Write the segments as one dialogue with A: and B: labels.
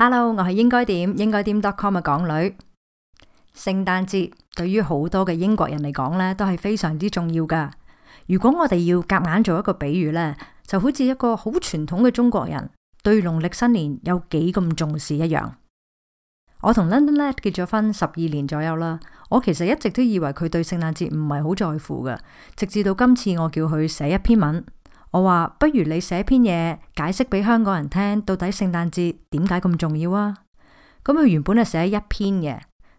A: Hello，我係應該點應該點 dotcom 嘅港女。聖誕節對於好多嘅英國人嚟講呢，都係非常之重要噶。如果我哋要夾硬做一個比喻呢，就好似一個好傳統嘅中國人對農曆新年有幾咁重視一樣。我同 Londoner l 結咗婚十二年左右啦，我其實一直都以為佢對聖誕節唔係好在乎噶，直至到今次我叫佢寫一篇文。我話不如你寫篇嘢解釋俾香港人聽，到底聖誕節點解咁重要啊？咁佢原本係寫一篇嘅，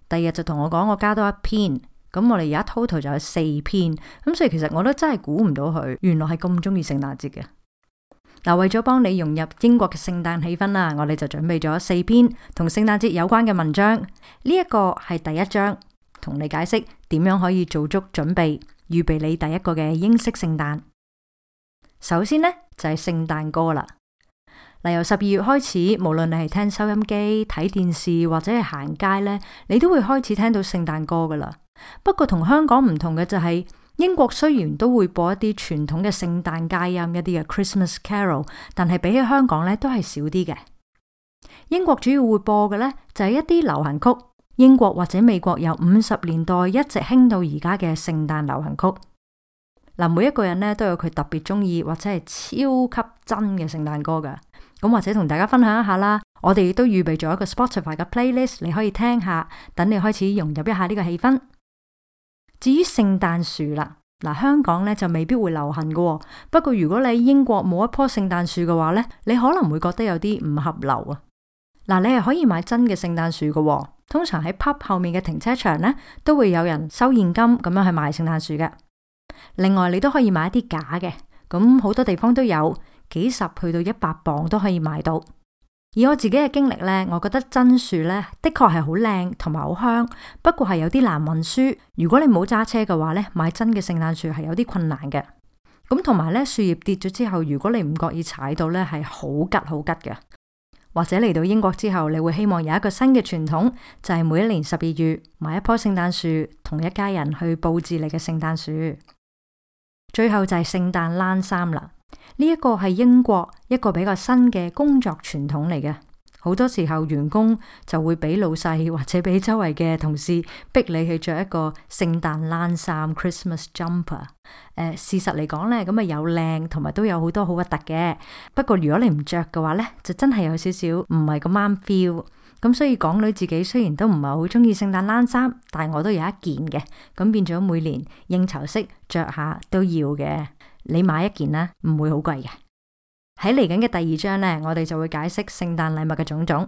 A: 第二日就同我講我加多一篇，咁我哋而家 total 就有四篇。咁所以其實我都真係估唔到佢原來係咁中意聖誕節嘅。嗱，為咗幫你融入英國嘅聖誕氣氛啦，我哋就準備咗四篇同聖誕節有關嘅文章。呢一個係第一章，同你解釋點樣可以做足準備，預備你第一個嘅英式聖誕。首先呢，就係、是、聖誕歌啦。嗱，由十二月開始，無論你係聽收音機、睇電視或者係行街呢，你都會開始聽到聖誕歌噶啦。不過同香港唔同嘅就係、是，英國雖然都會播一啲傳統嘅聖誕佳音一啲嘅 Christmas Carol，但係比起香港呢，都係少啲嘅。英國主要會播嘅呢，就係、是、一啲流行曲，英國或者美國由五十年代一直興到而家嘅聖誕流行曲。嗱，每一個人咧都有佢特別中意或者係超級真嘅聖誕歌噶，咁或者同大家分享一下啦。我哋亦都預備咗一個 Spotify 嘅 playlist，你可以聽下，等你開始融入一下呢個氣氛。至於聖誕樹啦，嗱，香港咧就未必會流行嘅，不過如果你喺英國冇一棵聖誕樹嘅話咧，你可能會覺得有啲唔合流啊。嗱，你係可以買真嘅聖誕樹嘅，通常喺 pub 後面嘅停車場咧都會有人收現金咁樣去買聖誕樹嘅。另外，你都可以買一啲假嘅，咁好多地方都有幾十去到一百磅都可以買到。以我自己嘅經歷呢，我覺得真樹呢，的確係好靚同埋好香，不過係有啲難運輸。如果你冇揸車嘅話呢，買真嘅聖誕樹係有啲困難嘅。咁同埋呢，樹葉跌咗之後，如果你唔覺意踩到呢，係好吉好吉嘅。或者嚟到英國之後，你會希望有一個新嘅傳統，就係、是、每一年十二月買一棵聖誕樹，同一家人去布置你嘅聖誕樹。最後就係聖誕冷衫啦，呢一個係英國一個比較新嘅工作傳統嚟嘅，好多時候員工就會俾老細或者俾周圍嘅同事逼你去着一個聖誕冷衫 （Christmas jumper）。誒、呃，事實嚟講咧，咁啊有靚，同埋都有好多好核突嘅。不過如果你唔着嘅話咧，就真係有少少唔係咁啱 feel。咁所以港女自己雖然都唔係好中意聖誕冷衫，但係我都有一件嘅，咁變咗每年應酬式着下都要嘅。你買一件啦，唔會好貴嘅。喺嚟緊嘅第二章呢，我哋就會解釋聖誕禮物嘅種種。